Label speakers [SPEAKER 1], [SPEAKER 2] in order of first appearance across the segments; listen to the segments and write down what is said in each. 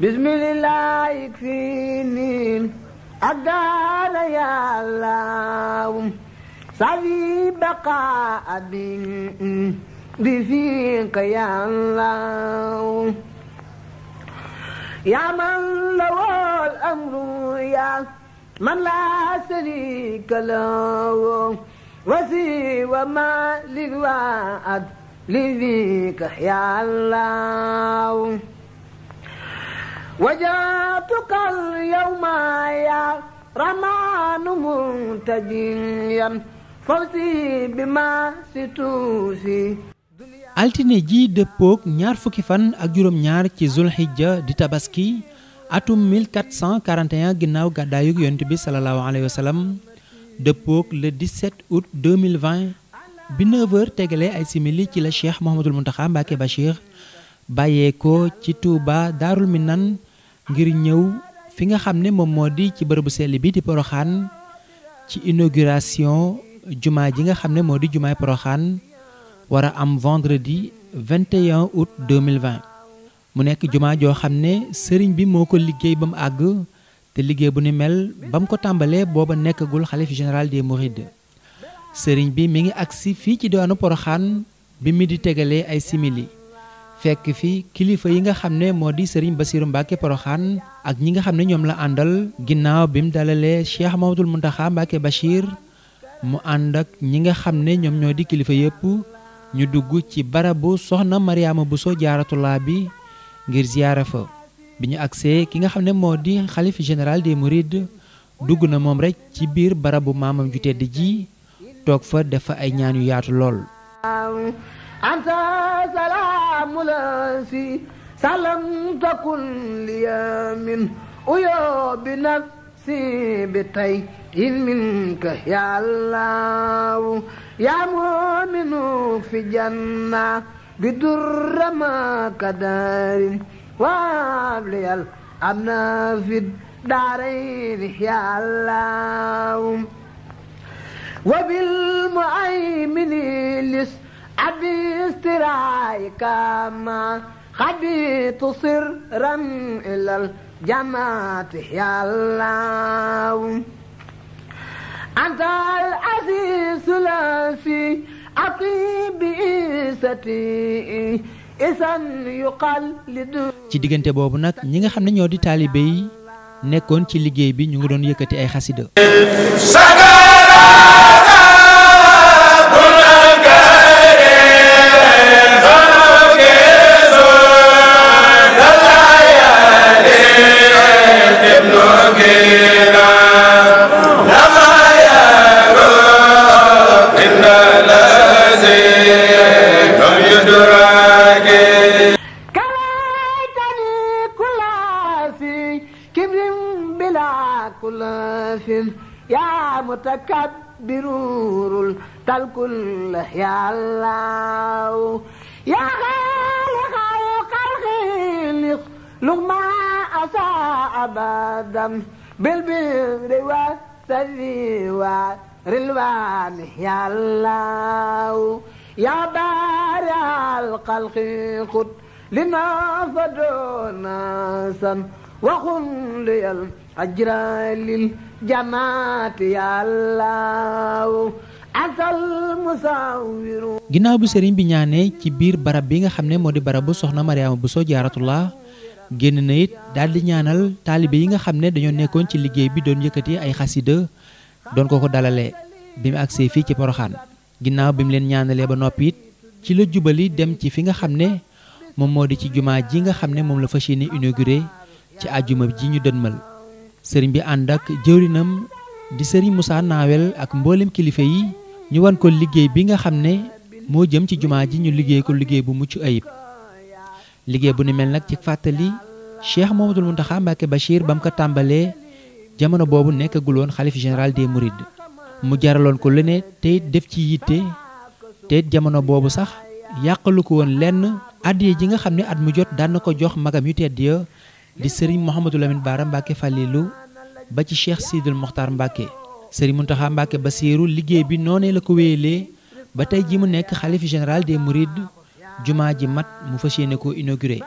[SPEAKER 1] bismillah ikfini agara ya allah sali baqa abin بفيك يا الله يا من له الأمر يا من لا شريك له وسوى ما للوعد لذيك يا الله وجاتك اليوم يا رمان منتجيا فوزي بما ستوسي
[SPEAKER 2] altine ji dëppook ñaar fukki fan ak juróom-ñaar ci zulhijja di tabaski atum 1441 ginnaaw gàddaayug yonent bi salallaahu alayhi wa sallam dëppook le 17 août 2020 bi 9 tegalee ay simili ci la cheikh Mouhamadul Mountakha Mbacké Bachir bàyyee ci tuuba Daarul Minan ngir ñëw fi nga xam ne moom moo di ci bërëbu sell bi di Porokhane ci inauguration jumaa ji nga xam ne moo di jumaay Porokhane war a am vendredi 21 août 2020 mu nekk jumaa joo xam ne sëriñ bi moo ko liggéey ba mu àgg te liggéey bu ni mel ba mu ko tàmbalee booba nekkagul xalif général des mourides sëriñ bi mi ngi agsi fii ci diwaanu Porokhane bi mi di tegalee ay simili fekk fi kilifa yi nga xam ne moo di Serigne Bassirou Mbacke Porokhane ak ñi nga xam ne ñoom la àndal ginnaaw bi mu dalalee Cheikh Mamadou Mountakha Mbacke Bachir mu ànd ak ñi nga xam ne ñoom ñoo di kilifa yépp ñu dugg ci barabu soxna bu Bousso Jaaratullah bi ngir ziyaara fa bi ñu agsee ki nga xam ne moo di xalif général des Mourides dugg na moom rek ci biir barabu maamam ju tedd ji toog fa def ay ñaan yu yaatu lool.
[SPEAKER 1] ملاسي سلمت كل يوم ويا بنفسي بطي منك يا الله يا مؤمن في جنة بدر ما كدار وابلي الأمن في الدارين يا الله وبالمؤمن لس أبي استراحة كما خبيت سرا إلى الجماعة يا
[SPEAKER 2] ci diggante boobu nag ñi nga xam ne ñoo di taalibe yi nekkoon ci liggéey bi ñu ngi doon yëkkati ay xasida
[SPEAKER 1] متكبرون الكل يا الله يا خالق الخلق لما أساء أبدا بالبر والسر والرلوان يا الله يا بارع الخلق خد لنا فدونا وخن لي ajralil jamaati yàllaaw
[SPEAKER 2] ginnaaw bu sëriñ bi ñaanee ci biir barab bi nga xam ne moo di barabu soxna Mariama Bousso Jaaratullah génn na it daal di ñaanal taalibe yi nga xam ne dañoo nekkoon ci liggéey bi doon yëkkati ay xasida doon ko ko dalale bi mu agsee fii ci Poroxaan ginnaaw bi mu leen ñaanalee ba noppi it ci la jubali dem ci fi nga xam ne moom moo di ci jumaa ji nga xam ne moom la fas yéene inauguré ci àjjuma ji ñu dënmal sëriñ bi ànd ak jëwrinam di sëriñ Moussa Nawel ak mboolem kilifa yi ñu wan ko liggéey bi nga xam ne moo jëm ci jumaa ji ñu liggéey ko liggéey bu mucc ayib liggéey bu ne mel nag ci fàttali Cheikh Mouhamadoul Mountakha Mbacké Bachir ba mu ko tàmbalee jamono boobu nekkagul woon xalif général des Mourides mu jaraloon ko lu ne te def ci yitte te jamono boobu sax yàqalu ko woon lenn addiya ji nga xam ne at mu jot daan na ko jox magam yu tedd ya di sëriñ Mouhamadou Lamine Bara Mbacke Falilou ba ci Cheikh Sidul Mokhtar Mbacke. sëriñ Mountakha Mbacke Bassirou liggéey bi noonee la ko wéyalee ba tey ji mu nekk xalif général des Mourides jumaa ji mat mu fas yéene koo inauguré.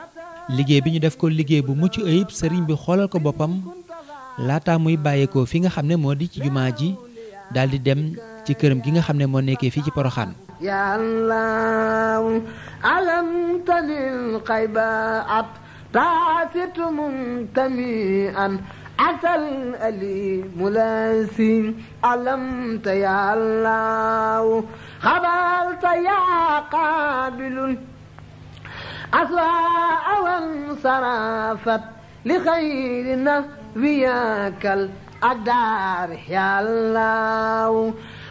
[SPEAKER 2] liggéey bi ñu def ko liggéey bu mucc ayib sëriñ bi xoolal ko boppam laata muy bàyyeekoo fi nga xam ne moo di ci jumaa ji daal di dem ci këram gi nga xam ne moo nekkee fii ci Poroxaan.
[SPEAKER 1] yaa Allah alam ab طافت منتمئا عسى الأليم لاسي علمت يا الله خبرت يا قابل أسواء وانصرفت لخير نفياك الأدار يا الله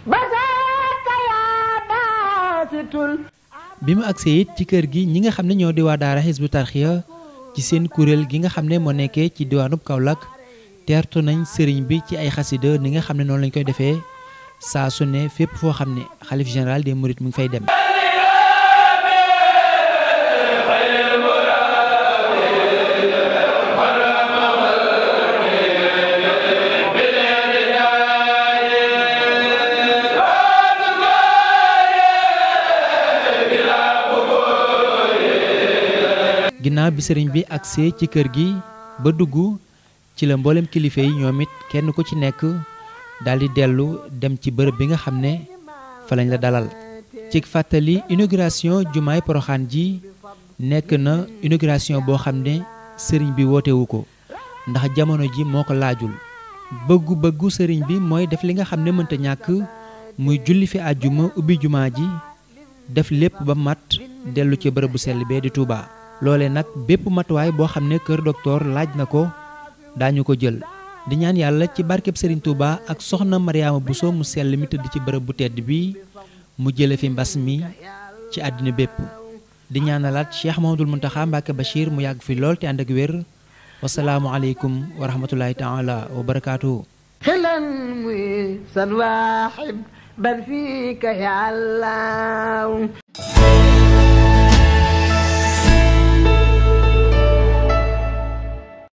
[SPEAKER 1] بسات يا باسط
[SPEAKER 2] bi mu agsee it ci kër gi ñi nga xam ne ñoo di waa daara Hizbut Tarqiyyah ci seen kuréel gi nga xam ne moo nekkee ci diwaanub Kaolack teertu nañ sëriñ bi ci ay xasida ni nga xam ne noonu lañ koy defee saa su ne fépp foo xam ne xalif général des mourides mu ngi fay dem ginnaaw bi sëriñ bi agsee ci kër gi ba dugg ci la mboolem kilifa yi ñoom it kenn ku ci nekk daal di dellu dem ci bërëb bi nga xam ne fa lañ la dalal. ci fàttali inauguration jumaay poroxaan ji nekk na inauguration boo xam ne sëriñ bi wootewu ko ndax jamono ji moo ko laajul. bëggu bëggu sëriñ bi mooy def li nga xam ne mënta ñàkk muy julli fi àjjuma ubbi jumaa ji def lépp ba mat dellu ci bërëb bu sell bee di tuubaa loole nag bépp matuwaay boo xam ne kër docteur laaj na ko daañu ko jël di ñaan yàlla ci barkeb Serigne Touba ak soxna Mariama Bousso mu sell mi tëdd ci bërëb bu tedd bi mu jële fi mbas mi ci àddina bépp di ñaan na ñaanalaat Cheikh Mahamadul Muntaxa Mbàkke Bachir mu yàgg fi lool te ànd ak wér wasalaamu aleykum wa rahmatullahi taala wa barakaatuhu
[SPEAKER 1] xelan muy san waaxib bal fii ka yàlla